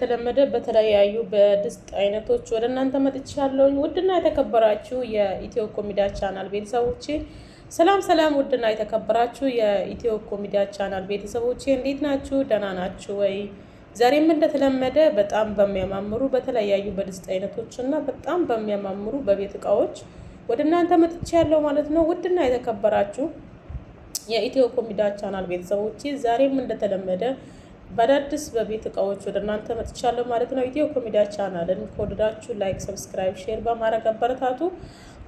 እንደተለመደ በተለያዩ በድስት አይነቶች ወደ እናንተ መጥቻለሁ። ውድና የተከበራችሁ የኢትዮ ኮሚዲያ ቻናል ቤተሰቦቼ ሰላም ሰላም። ውድና የተከበራችሁ የኢትዮ ኮሚዲያ ቻናል ቤተሰቦቼ እንዴት ናችሁ? ደህና ናችሁ ወይ? ዛሬም እንደተለመደ በጣም በሚያማምሩ በተለያዩ በድስት አይነቶች እና በጣም በሚያማምሩ በቤት እቃዎች ወደ እናንተ መጥቻለሁ ማለት ነው። ውድና የተከበራችሁ የኢትዮ ኮሚዲያ ቻናል ቤተሰቦች ዛሬም እንደተለመደ በአዳዲስ በቤት እቃዎች ወደ እናንተ መጥቻለሁ ማለት ነው። ኢትዮ ኮሚዲያ ቻናልን ከወደዳችሁ ላይክ፣ ሰብስክራይብ፣ ሼር በማድረግ አበረታቱ።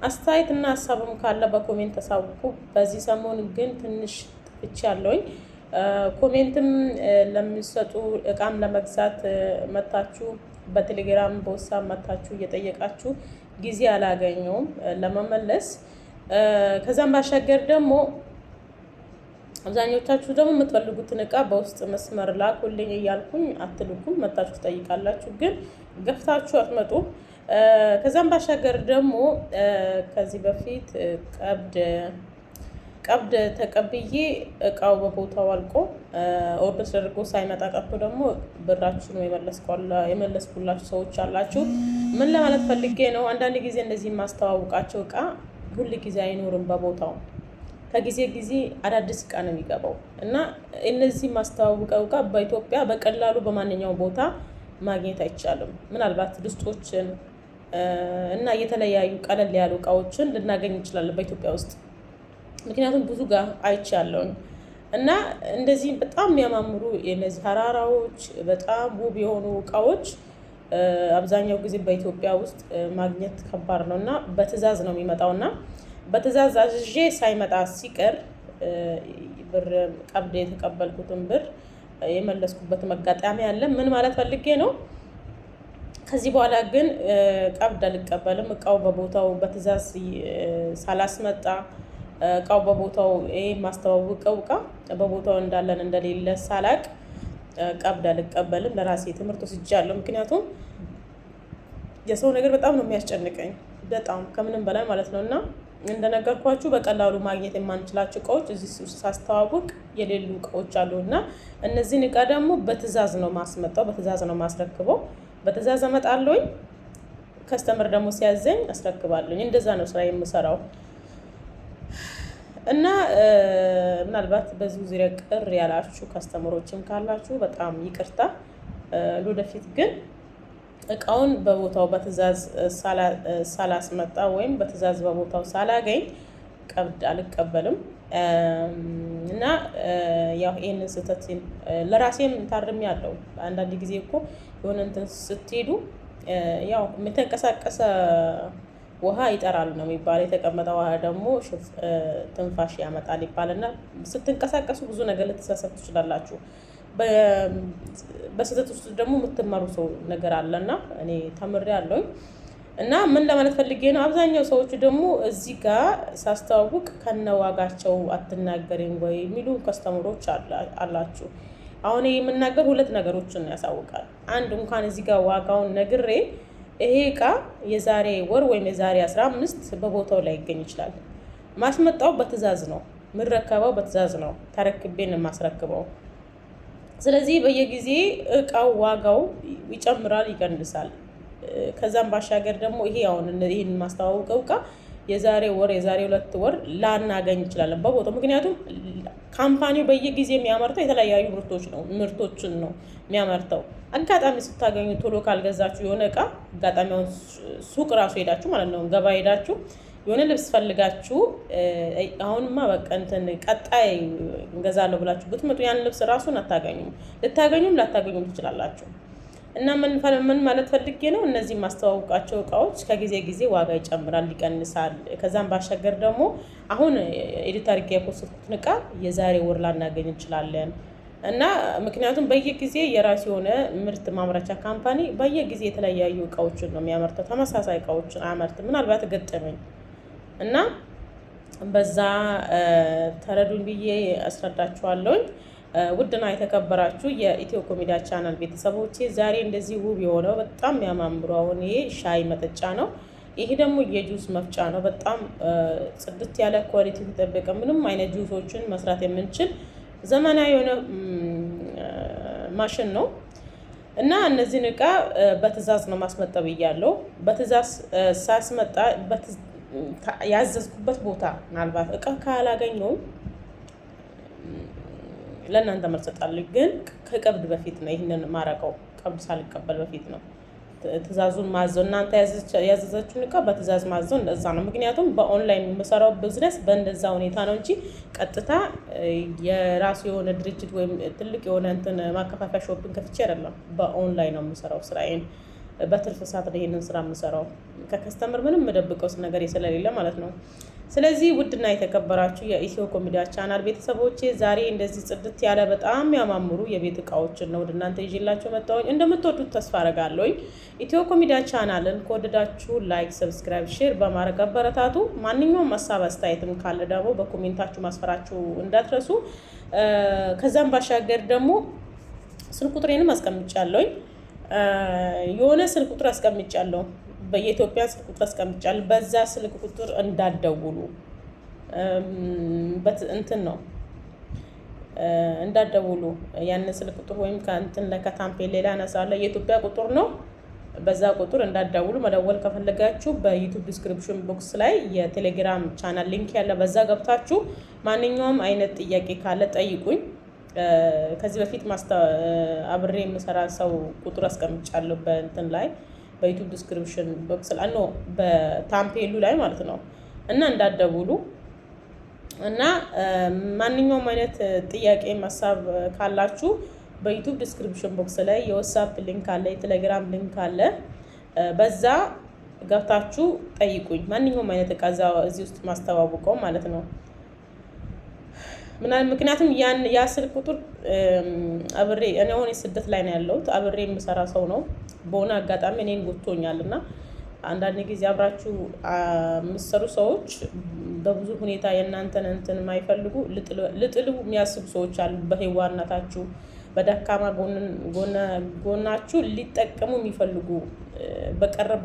አስተያየትና ሀሳብም ካለ በኮሜንት ተሳውቁ። በዚህ ሰሞን ግን ትንሽ ጥፍቼ ያለውኝ ኮሜንትም ለሚሰጡ እቃም ለመግዛት መታችሁ በቴሌግራም ቦሳ መታችሁ እየጠየቃችሁ ጊዜ አላገኘውም ለመመለስ ከዛም ባሻገር ደግሞ አብዛኞቻችሁ ደግሞ የምትፈልጉትን እቃ በውስጥ መስመር ላኩልኝ እያልኩኝ አትልኩም፣ መታችሁ ትጠይቃላችሁ፣ ግን ገፍታችሁ አትመጡ ከዛም ባሻገር ደግሞ ከዚህ በፊት ቀብድ ቀብድ ተቀብዬ እቃው በቦታው አልቆ ኦርደር ተደርጎ ሳይመጣ ቀርቶ ደግሞ ብራችሁን የመለስኩላችሁ ሰዎች አላችሁ። ምን ለማለት ፈልጌ ነው? አንዳንድ ጊዜ እንደዚህ የማስተዋውቃቸው እቃ ሁል ጊዜ አይኖርም በቦታው ከጊዜ ጊዜ አዳዲስ እቃ ነው የሚገባው እና እነዚህ ማስተዋወቀው እቃ በኢትዮጵያ በቀላሉ በማንኛውም ቦታ ማግኘት አይቻልም። ምናልባት ድስቶችን እና የተለያዩ ቀለል ያሉ እቃዎችን ልናገኝ እንችላለን በኢትዮጵያ ውስጥ ምክንያቱም ብዙ ጋር አይቻለውኝ እና እንደዚህ በጣም የሚያማምሩ የነዚህ ሀራራዎች በጣም ውብ የሆኑ እቃዎች አብዛኛው ጊዜ በኢትዮጵያ ውስጥ ማግኘት ከባድ ነው እና በትዕዛዝ ነው የሚመጣው እና በትእዛዝ አዝዤ ሳይመጣ ሲቀር ብር ቀብድ የተቀበልኩትን ብር የመለስኩበት መጋጣሚ አለ። ምን ማለት ፈልጌ ነው? ከዚህ በኋላ ግን ቀብድ አልቀበልም። እቃው በቦታው በትእዛዝ ሳላስመጣ እቃው በቦታው ይህ ማስተዋወቀው እቃ በቦታው እንዳለን እንደሌለ ሳላቅ ቀብድ አልቀበልም። ለራሴ ትምህርት ወስጃለሁ። ምክንያቱም የሰው ነገር በጣም ነው የሚያስጨንቀኝ፣ በጣም ከምንም በላይ ማለት ነው እና እንደነገርኳችሁ በቀላሉ ማግኘት የማንችላቸው እቃዎች እዚህ ሳስተዋውቅ የሌሉ እቃዎች አሉ እና እነዚህን እቃ ደግሞ በትዕዛዝ ነው ማስመጣው፣ በትዕዛዝ ነው ማስረክበው። በትዕዛዝ እመጣለሁኝ፣ ከስተምር ደግሞ ሲያዘኝ አስረክባለሁኝ። እንደዛ ነው ስራ የምሰራው እና ምናልባት በዚሁ ዙሪያ ቅር ያላችሁ ከስተምሮችም ካላችሁ በጣም ይቅርታ። ለወደፊት ግን እቃውን በቦታው በትዕዛዝ ሳላስመጣ ወይም በትዕዛዝ በቦታው ሳላገኝ ቀብድ አልቀበልም እና ያው ይህንን ስህተት ለራሴም ታርም ያለው አንዳንድ ጊዜ እኮ የሆነ እንትን ስትሄዱ ያው የተንቀሳቀሰ ውሃ ይጠራል ነው የሚባል። የተቀመጠ ውሃ ደግሞ ትንፋሽ ያመጣል ይባልና ስትንቀሳቀሱ ብዙ ነገር ልትሳሳት ትችላላችሁ። በስህተት ውስጥ ደግሞ የምትመሩ ሰው ነገር አለና እኔ ተምሬ አለውኝ እና ምን ለማለት ፈልጌ ነው፣ አብዛኛው ሰዎች ደግሞ እዚህ ጋር ሳስተዋውቅ ከነዋጋቸው አትናገሪም ወይ የሚሉ ከስተምሮች አላችሁ። አሁን የምናገር ሁለት ነገሮችን ያሳውቃል። አንድ እንኳን እዚህ ጋር ዋጋውን ነግሬ ይሄ እቃ የዛሬ ወር ወይም የዛሬ አስራ አምስት በቦታው ላይ ይገኝ ይችላል። ማስመጣው በትዕዛዝ ነው፣ ምረከበው በትዕዛዝ ነው። ተረክቤን የማስረክበው ስለዚህ በየጊዜ እቃው ዋጋው ይጨምራል፣ ይቀንሳል። ከዛም ባሻገር ደግሞ ይሄ አሁን ይህን ማስተዋወቀው እቃ የዛሬ ወር የዛሬ ሁለት ወር ላናገኝ እንችላለን በቦታው። ምክንያቱም ካምፓኒው በየጊዜ የሚያመርተው የተለያዩ ምርቶች ነው ምርቶችን ነው የሚያመርተው። አጋጣሚ ስታገኙ ቶሎ ካልገዛችሁ የሆነ እቃ አጋጣሚ ሱቅ ራሱ ሄዳችሁ ማለት ነው ገባ ሄዳችሁ የሆነ ልብስ ፈልጋችሁ አሁንማ በቃ እንትን ቀጣይ እንገዛለሁ ብላችሁ ብትመጡ ያን ልብስ ራሱን አታገኙም። ልታገኙም ላታገኙም ትችላላችሁ። እና ምን ማለት ፈልጌ ነው፣ እነዚህ የማስተዋውቃቸው እቃዎች ከጊዜ ጊዜ ዋጋ ይጨምራል፣ ይቀንሳል። ከዛም ባሻገር ደግሞ አሁን ኤዲት አድርጌ የፖስትኩትን እቃ የዛሬ ወር ላናገኝ እንችላለን። እና ምክንያቱም በየጊዜ የራሱ የሆነ ምርት ማምረቻ ካምፓኒ በየጊዜ የተለያዩ እቃዎችን ነው የሚያመርተው። ተመሳሳይ እቃዎችን አያመርትም። ምናልባት ገጠመኝ እና በዛ ተረዱኝ ብዬ አስረዳችኋለሁኝ። ውድና የተከበራችሁ የኢትዮ ኮሚዲያ ቻናል ቤተሰቦቼ ዛሬ እንደዚህ ውብ የሆነው በጣም የሚያማምሩ አሁን ይሄ ሻይ መጠጫ ነው። ይሄ ደግሞ የጁስ መፍጫ ነው። በጣም ጽድት ያለ ኳሊቲ ተጠበቀ ምንም አይነት ጁሶችን መስራት የምንችል ዘመናዊ የሆነ ማሽን ነው እና እነዚህን እቃ በትእዛዝ ነው ማስመጠብ እያለው በትእዛዝ ሳስመጣ ያዘዝኩበት ቦታ ምናልባት እቃ ካላገኘው ለእናንተ መርሰጣል። ግን ከቀብድ በፊት ነው ይህንን ማረቀው። ቀብድ ሳልቀበል በፊት ነው ትእዛዙን ማዘው። እናንተ ያዘዘችውን እቃ በትእዛዝ ማዘው እንደዛ ነው። ምክንያቱም በኦንላይን የምሰራው ቢዝነስ በእንደዛ ሁኔታ ነው እንጂ ቀጥታ የራሱ የሆነ ድርጅት ወይም ትልቅ የሆነ እንትን ማከፋፈያ ሾፒንግ ከፍቼ አይደለም። በኦንላይን ነው የምሰራው ስራዬን። በትርፍ ሰዓት ላይ ይህንን ስራ የምሰራው ከከስተምር ምንም የምደብቀው ነገር ስለሌለ ማለት ነው። ስለዚህ ውድና የተከበራችሁ የኢትዮ ኮሚዲያ ቻናል ቤተሰቦቼ ዛሬ እንደዚህ ጽድት ያለ በጣም ያማምሩ የቤት እቃዎችን ነው ወደ እናንተ ይዤላችሁ መጣሁኝ። እንደምትወዱት ተስፋ አረጋለሁኝ። ኢትዮ ኮሚዲያ ቻናልን ከወደዳችሁ ላይክ፣ ሰብስክራይብ፣ ሼር በማድረግ አበረታቱ። ማንኛውም ሀሳብ አስተያየትም ካለ ደግሞ በኮሜንታችሁ ማስፈራችሁ እንዳትረሱ። ከዛም ባሻገር ደግሞ ስልክ ቁጥሬንም አስቀምጫለሁኝ የሆነ ስልክ ቁጥር አስቀምጫለሁ፣ የኢትዮጵያ ስልክ ቁጥር አስቀምጫለሁ። በዛ ስልክ ቁጥር እንዳደውሉ እንትን ነው እንዳደውሉ ያንን ስልክ ቁጥር ወይም ከእንትን ከታምፔ ሌላ ነሳለ የኢትዮጵያ ቁጥር ነው። በዛ ቁጥር እንዳደውሉ መደወል ከፈለጋችሁ በዩቱብ ዲስክሪፕሽን ቦክስ ላይ የቴሌግራም ቻናል ሊንክ ያለ፣ በዛ ገብታችሁ ማንኛውም አይነት ጥያቄ ካለ ጠይቁኝ። ከዚህ በፊት አብሬ የምሰራ ሰው ቁጥር አስቀምጫለሁ በእንትን ላይ በዩቱብ ዲስክሪፕሽን ቦክስ ላይ ነው በታምፔሉ ላይ ማለት ነው። እና እንዳትደውሉ እና ማንኛውም አይነት ጥያቄ ማሳብ ካላችሁ በዩቱብ ዲስክሪፕሽን ቦክስ ላይ የዋትስአፕ ሊንክ አለ፣ የቴሌግራም ሊንክ አለ። በዛ ገብታችሁ ጠይቁኝ። ማንኛውም አይነት እቃ እዚህ ውስጥ ማስተዋውቀው ማለት ነው። ምክንያቱም ያን ያ ስልክ ቁጥር አብሬ እኔ አሁን ስደት ላይ ነው ያለሁት። አብሬ የምሰራ ሰው ነው። በሆነ አጋጣሚ እኔን ጎቶኛል እና አንዳንድ ጊዜ አብራችሁ የምሰሩ ሰዎች በብዙ ሁኔታ የእናንተን እንትን የማይፈልጉ ልጥል የሚያስቡ ሰዎች አሉ። በህዋናታችሁ በደካማ ጎናችሁ ሊጠቀሙ የሚፈልጉ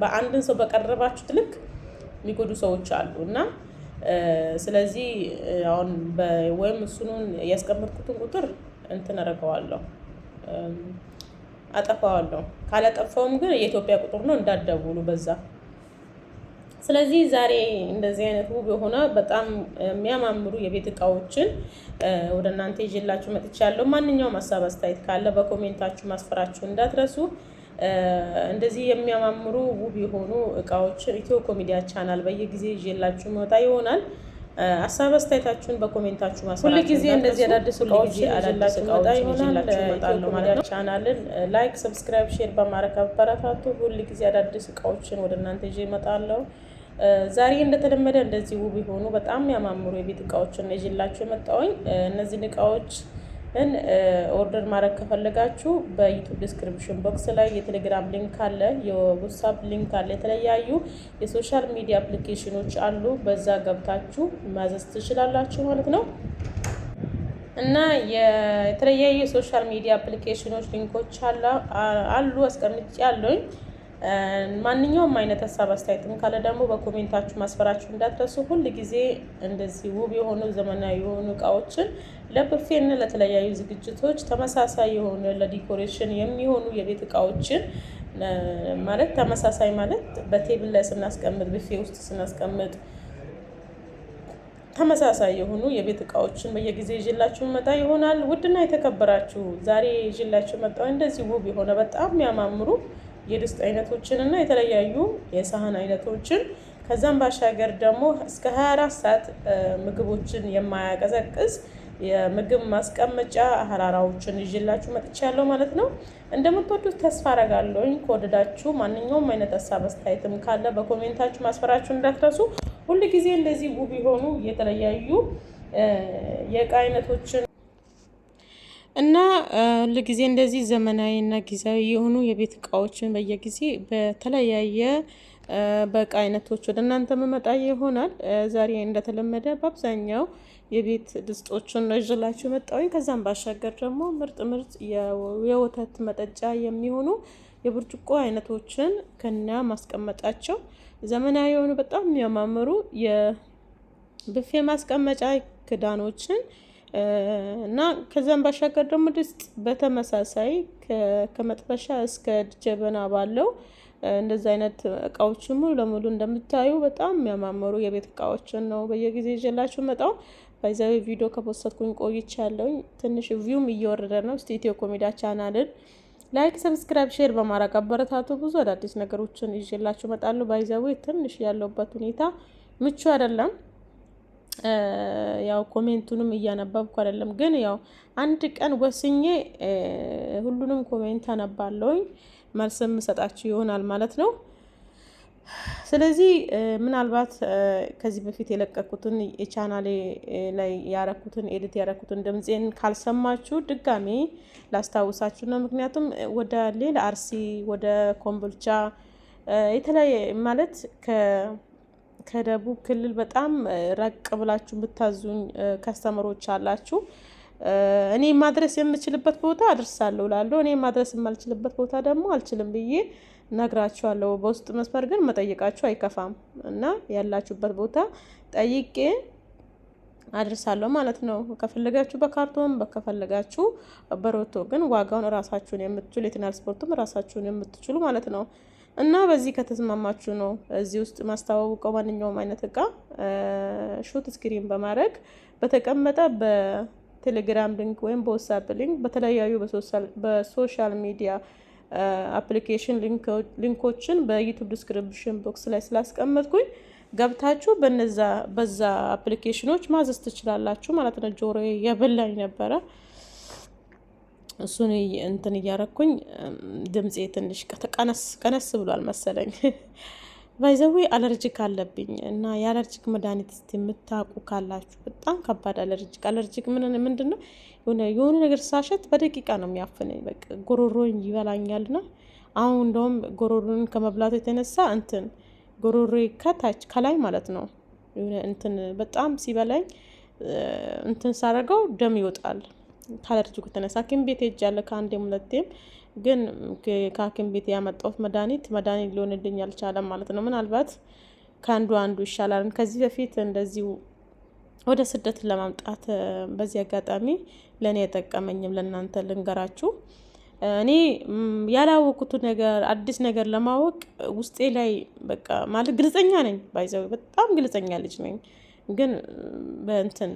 በአንድን ሰው በቀረባችሁት ልክ የሚጎዱ ሰዎች አሉ እና ስለዚህ አሁን ወይም እሱኑን ያስቀመጥኩትን ቁጥር እንትን አደርገዋለሁ አጠፋዋለሁ። ካላጠፋውም ግን የኢትዮጵያ ቁጥር ነው እንዳደውሉ በዛ። ስለዚህ ዛሬ እንደዚህ አይነት ውብ የሆነ በጣም የሚያማምሩ የቤት እቃዎችን ወደ እናንተ ይዤላችሁ መጥቻለሁ። ማንኛውም ሀሳብ አስተያየት ካለ በኮሜንታችሁ ማስፈራችሁ እንዳትረሱ። እንደዚህ የሚያማምሩ ውብ የሆኑ እቃዎችን ኢትዮ ኮሚዲያ ቻናል በየጊዜ ይዤላችሁ መውጣ ይሆናል። ሀሳብ አስተያየታችሁን በኮሜንታችሁ ማስራት ሁሉ እንደዚህ አዳዲስ እቃዎች አዳዲስ እቃዎች ይዤላችሁ ማለት ነው። ቻናልን ላይክ፣ ሰብስክራይብ፣ ሼር በማድረግ አበረታቱ። ሁሉ ጊዜ አዳዲስ እቃዎችን ወደ እናንተ ይዤ እመጣለሁ። ዛሬ እንደተለመደ እንደዚህ ውብ የሆኑ በጣም ያማምሩ የቤት እቃዎችን ይዤላችሁ የመጣሁኝ እነዚህን እቃዎች ግን ኦርደር ማድረግ ከፈለጋችሁ በዩቱብ ዲስክሪፕሽን ቦክስ ላይ የቴሌግራም ሊንክ አለ፣ የዋትሳፕ ሊንክ አለ፣ የተለያዩ የሶሻል ሚዲያ አፕሊኬሽኖች አሉ። በዛ ገብታችሁ ማዘዝ ትችላላችሁ ማለት ነው። እና የተለያዩ የሶሻል ሚዲያ አፕሊኬሽኖች ሊንኮች አሉ አስቀምጬ ያለውኝ ማንኛውም አይነት ሀሳብ አስተያየትም ካለ ደግሞ በኮሜንታችሁ ማስፈራችሁ እንዳትረሱ። ሁል ጊዜ እንደዚህ ውብ የሆኑ ዘመናዊ የሆኑ እቃዎችን ለብፌና ለተለያዩ ዝግጅቶች ተመሳሳይ የሆነ ለዲኮሬሽን የሚሆኑ የቤት እቃዎችን ማለት ተመሳሳይ ማለት በቴብል ላይ ስናስቀምጥ ብፌ ውስጥ ስናስቀምጥ ተመሳሳይ የሆኑ የቤት እቃዎችን በየጊዜ ይዤላችሁ መጣ ይሆናል። ውድና የተከበራችሁ ዛሬ ይዤላችሁ መጣ እንደዚህ ውብ የሆነ በጣም የሚያማምሩ የድስት አይነቶችን እና የተለያዩ የሳህን አይነቶችን ከዛም ባሻገር ደግሞ እስከ 24 ሰዓት ምግቦችን የማያቀዘቅዝ የምግብ ማስቀመጫ አህራራዎችን ይዤላችሁ መጥቻለሁ ማለት ነው። እንደምትወዱት ተስፋ አረጋለሁኝ። ከወደዳችሁ ማንኛውም አይነት ሀሳብ አስተያየትም ካለ በኮሜንታችሁ ማስፈራችሁ እንዳትረሱ። ጊዜ እንደዚህ ውብ የሆኑ የተለያዩ የእቃ አይነቶችን እና ለጊዜ እንደዚህ ዘመናዊ እና ጊዜያዊ የሆኑ የቤት እቃዎችን በየጊዜ በተለያየ በእቃ አይነቶች ወደ እናንተ መመጣ ይሆናል። ዛሬ እንደተለመደ በአብዛኛው የቤት ድስጦችን ነው ይዤላችሁ መጣሁኝ። ከዛም ባሻገር ደግሞ ምርጥ ምርጥ የወተት መጠጫ የሚሆኑ የብርጭቆ አይነቶችን ከና ማስቀመጫቸው ዘመናዊ የሆኑ በጣም የሚያማምሩ የብፌ ማስቀመጫ ክዳኖችን እና ከዚያም ባሻገር ደግሞ ድስት በተመሳሳይ ከመጥበሻ እስከ ጀበና ባለው እንደዚህ አይነት እቃዎች ሙሉ ለሙሉ እንደምታዩ በጣም የሚያማምሩ የቤት እቃዎችን ነው በየጊዜ ይዤላችሁ መጣው። ባይዛዊ ቪዲዮ ከፖስትኩኝ ቆይቻለሁ። ትንሽ ቪውም እየወረደ ነው። እስቲ ኢትዮ ኮሜዲያ ቻናልን ላይክ፣ ሰብስክራይብ፣ ሼር በማድረግ አበረታቱ። ብዙ አዳዲስ ነገሮችን ይዤላችሁ መጣለሁ። ባይዛዊ ትንሽ ያለውበት ሁኔታ ምቹ አይደለም። ያው ኮሜንቱንም እያነበብኩ አይደለም፣ ግን ያው አንድ ቀን ወስኜ ሁሉንም ኮሜንት አነባለሁኝ መልስም ሰጣችሁ ይሆናል ማለት ነው። ስለዚህ ምናልባት ከዚህ በፊት የለቀኩትን የቻናሌ ላይ ያረኩትን ኤዲት ያረኩትን ድምፄን ካልሰማችሁ ድጋሜ ላስታውሳችሁ ነው። ምክንያቱም ወደ ሌላ አርሲ ወደ ኮምቦልቻ የተለያየ ማለት ከደቡብ ክልል በጣም ረቅ ብላችሁ የምታዙኝ ከስተመሮች አላችሁ። እኔ ማድረስ የምችልበት ቦታ አድርሳለሁ ላለሁ እኔ ማድረስ የማልችልበት ቦታ ደግሞ አልችልም ብዬ ነግራችኋለሁ። በውስጥ መስመር ግን መጠየቃችሁ አይከፋም እና ያላችሁበት ቦታ ጠይቄ አድርሳለሁ ማለት ነው። ከፈለጋችሁ በካርቶን ከፈለጋችሁ በሮቶ ግን ዋጋውን ራሳችሁን የምትችሉ የትራንስፖርቱም ራሳችሁን የምትችሉ ማለት ነው። እና በዚህ ከተስማማችሁ ነው እዚህ ውስጥ ማስተዋወቀው ማንኛውም አይነት እቃ ሾት ስክሪን በማድረግ በተቀመጠ በቴሌግራም ሊንክ ወይም በዋትስአፕ ሊንክ በተለያዩ በሶሻል ሚዲያ አፕሊኬሽን ሊንኮችን በዩቱብ ዲስክሪፕሽን ቦክስ ላይ ስላስቀመጥኩኝ ገብታችሁ በነዛ በዛ አፕሊኬሽኖች ማዘዝ ትችላላችሁ ማለት ነው። ጆሮዬ የበላኝ ነበረ። እሱን እንትን እያረኩኝ ድምፄ ትንሽ ቀነስ ብሏል መሰለኝ። ባይዘዌ አለርጂክ አለብኝ እና የአለርጂክ መድኃኒት ስ የምታውቁ ካላችሁ በጣም ከባድ አለርጂክ። አለርጂክ ምን ምንድን ነው? የሆነ ነገር ሳሸት በደቂቃ ነው የሚያፍነኝ። በቃ ጎሮሮኝ ና አሁን እንደውም ጎሮሮን ከመብላቱ የተነሳ እንትን ጎሮሮ ከታች ከላይ ማለት ነው እንትን በጣም ሲበላኝ እንትን ሳረገው ደም ይወጣል። ካለርጂኩ የተነሳ ሐኪም ቤት ሄጃለሁ ከአንዴም ሁለቴም። ግን ከሐኪም ቤት ያመጣሁት መድኃኒት መድኃኒት ሊሆንልኝ አልቻለም ማለት ነው። ምናልባት ከአንዱ አንዱ ይሻላል። ከዚህ በፊት እንደዚሁ ወደ ስደት ለማምጣት በዚህ አጋጣሚ ለእኔ አይጠቀመኝም፣ ለእናንተ ልንገራችሁ። እኔ ያላወቁት ነገር አዲስ ነገር ለማወቅ ውስጤ ላይ በቃ ማለት ግልጸኛ ነኝ፣ ባይዘው በጣም ግልጸኛ ልጅ ነኝ። ግን በእንትን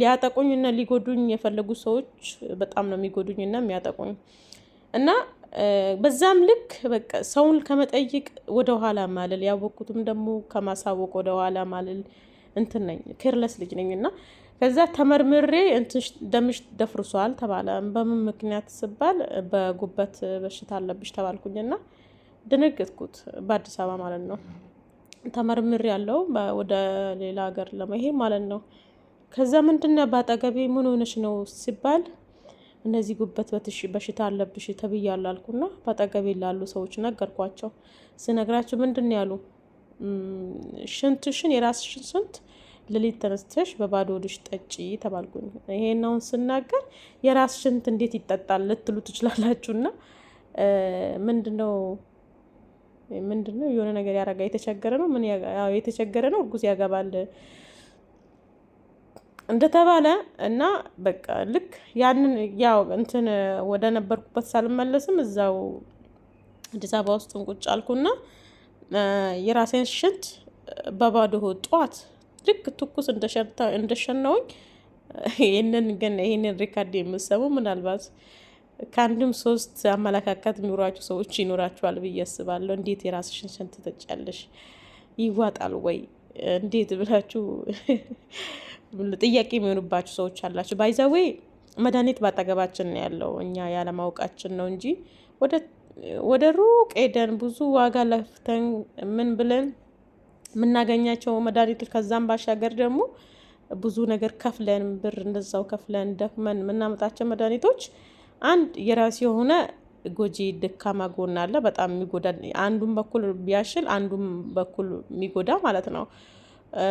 ሊያጠቁኝና ሊጎዱኝ የፈለጉ ሰዎች በጣም ነው የሚጎዱኝና የሚያጠቁኝ እና በዛም ልክ በቃ ሰውን ከመጠይቅ ወደ ኋላ ማለል ያወቅኩትም ደግሞ ከማሳወቅ ወደ ኋላ ማለል እንትን ነኝ፣ ኬርለስ ልጅ ነኝ እና ከዛ ተመርምሬ ደምሽ ደፍርሷል ተባለ። በምን ምክንያት ስባል በጉበት በሽታ አለብሽ ተባልኩኝና ደነገጥኩት። በአዲስ አበባ ማለት ነው። ተመርምር ያለው ወደ ሌላ ሀገር ለመሄድ ማለት ነው። ከዛ ምንድነ በአጠገቤ ምን ሆነሽ ነው ሲባል እነዚህ ጉበት በሽታ አለብሽ ተብያለሁ አልኩና በአጠገቤ ላሉ ሰዎች ነገርኳቸው። ስነግራቸው ምንድን ያሉ ሽንትሽን የራስሽን ስንት ሌሊት ተነስተሽ በባዶ ሆድሽ ጠጪ ተባልኩኝ። ይሄናውን ስናገር የራስ ሽንት እንዴት ይጠጣል ልትሉ ትችላላችሁና ምንድነው ምንድን ነው የሆነ ነገር ያረጋ የተቸገረ ነው ምን የተቸገረ ነው እርጉዝ ያገባል እንደተባለ እና በቃ ልክ ያንን ያው እንትን ወደ ነበርኩበት ሳልመለስም እዛው አዲስ አበባ ውስጥ ቁጭ አልኩና የራሴን ሽንት በባዶ ጠዋት ልክ ትኩስ እንደሸናውኝ ይህንን ግን ይህንን ሪካርድ የምሰሙ ምናልባት ከአንድም ሶስት አመለካከት የሚኖራቸው ሰዎች ይኖራቸዋል ብዬ አስባለሁ። እንዴት የራስሽን ሽንት ትጠጫለሽ? ይዋጣል ወይ እንዴት ብላችሁ ጥያቄ የሚሆኑባችሁ ሰዎች አላችሁ። ባይዛዌ መድኃኒት ባጠገባችን ነው ያለው እኛ ያለማወቃችን ነው እንጂ ወደ ሩቅ ሄደን ብዙ ዋጋ ለፍተን ምን ብለን የምናገኛቸው መድኃኒቶች ከዛም ባሻገር ደግሞ ብዙ ነገር ከፍለን ብር እንደዛው ከፍለን ደክመን የምናመጣቸው መድኃኒቶች አንድ የራሴ የሆነ ጎጂ ደካማ ጎን አለ። በጣም የሚጎዳ አንዱን በኩል ቢያሽል አንዱን በኩል የሚጎዳ ማለት ነው።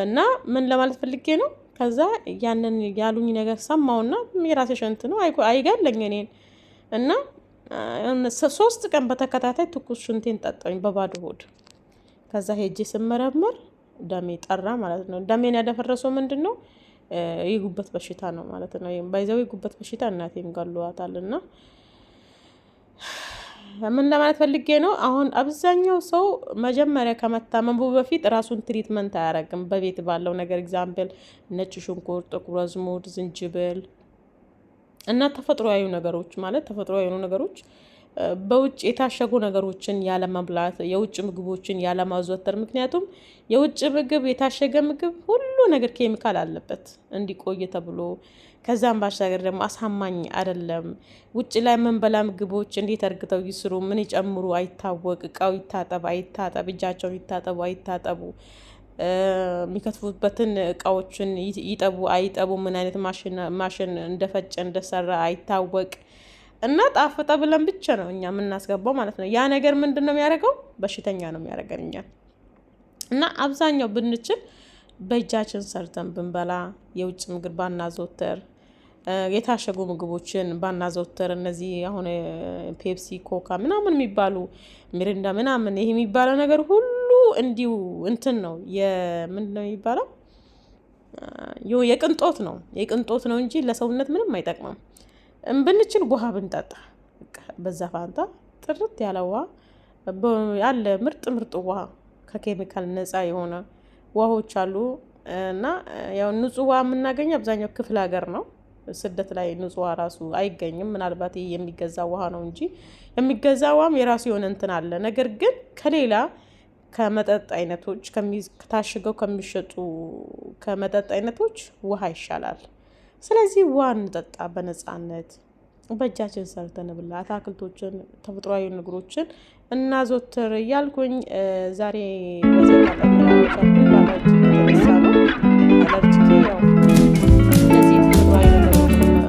እና ምን ለማለት ፈልጌ ነው? ከዛ ያንን ያሉኝ ነገር ሰማውና የራሴ ሸንት ነው አይገለኝ እኔን እና ሶስት ቀን በተከታታይ ትኩስ ሽንቴን ጠጣኝ በባዶ ሆድ። ከዛ ሄጄ ስመረምር ደሜ ጠራ ማለት ነው። ደሜን ያደፈረሰው ምንድን ነው? የጉበት በሽታ ነው ማለት ነው። ባይዘው የጉበት በሽታ እናቴም ጋለዋታል እና ምን ለማለት ፈልጌ ነው? አሁን አብዛኛው ሰው መጀመሪያ ከመታመሙ በፊት ራሱን ትሪትመንት አያረግም። በቤት ባለው ነገር ኤግዛምፕል ነጭ ሽንኩርት፣ ጥቁር አዝሙድ፣ ዝንጅብል እና ተፈጥሯዊ ነገሮች ማለት ተፈጥሯዊ የሆኑ ነገሮች በውጭ የታሸጉ ነገሮችን ያለመብላት፣ የውጭ ምግቦችን ያለማዘወተር። ምክንያቱም የውጭ ምግብ የታሸገ ምግብ ሁሉ ነገር ኬሚካል አለበት እንዲቆይ ተብሎ ከዛም ባሻገር ደግሞ አሳማኝ አይደለም። ውጭ ላይ የምንበላ ምግቦች እንዴት እርግተው ይስሩ፣ ምን ይጨምሩ አይታወቅ። እቃው ይታጠብ አይታጠብ፣ እጃቸውን ይታጠቡ አይታጠቡ፣ የሚከትፉበትን እቃዎችን ይጠቡ አይጠቡ፣ ምን አይነት ማሽን እንደፈጨ እንደሰራ አይታወቅ። እና ጣፈጠ ብለን ብቻ ነው እኛ የምናስገባው ማለት ነው። ያ ነገር ምንድን ነው የሚያደርገው? በሽተኛ ነው የሚያደርገን እኛ እና አብዛኛው ብንችል በእጃችን ሰርተን ብንበላ የውጭ ምግብ ባናዘወተር የታሸጉ ምግቦችን ባናዘወተር እነዚህ አሁን ፔፕሲ፣ ኮካ ምናምን የሚባሉ ሚሪንዳ ምናምን ይሄ የሚባለው ነገር ሁሉ እንዲሁ እንትን ነው ምንድን ነው የሚባለው የቅንጦት ነው የቅንጦት ነው እንጂ ለሰውነት ምንም አይጠቅምም። ብንችል ውሃ ብንጠጣ በዛ ፋንታ ጥርት ያለ ውሃ ያለ ምርጥ ምርጥ ውሃ ከኬሚካል ነፃ የሆነ ውሃዎች አሉ እና ያው ንጹህ ውሃ የምናገኘው አብዛኛው ክፍለ ሀገር ነው። ስደት ላይ ንጹህ ውሃ ራሱ አይገኝም። ምናልባት ይህ የሚገዛ ውሃ ነው እንጂ የሚገዛ ውሃም የራሱ የሆነ እንትን አለ። ነገር ግን ከሌላ ከመጠጥ አይነቶች ታሽገው ከሚሸጡ ከመጠጥ አይነቶች ውሃ ይሻላል። ስለዚህ ውሃ እንጠጣ በነፃነት በእጃችን ሰርተን ብላ አታክልቶችን ተፈጥሯዊ ነገሮችን እና ዞትር እያልኩኝ ዛሬ በዘጣጠ ቻልኩኝ ባለርጅ የተነሳ ነው አለርጅ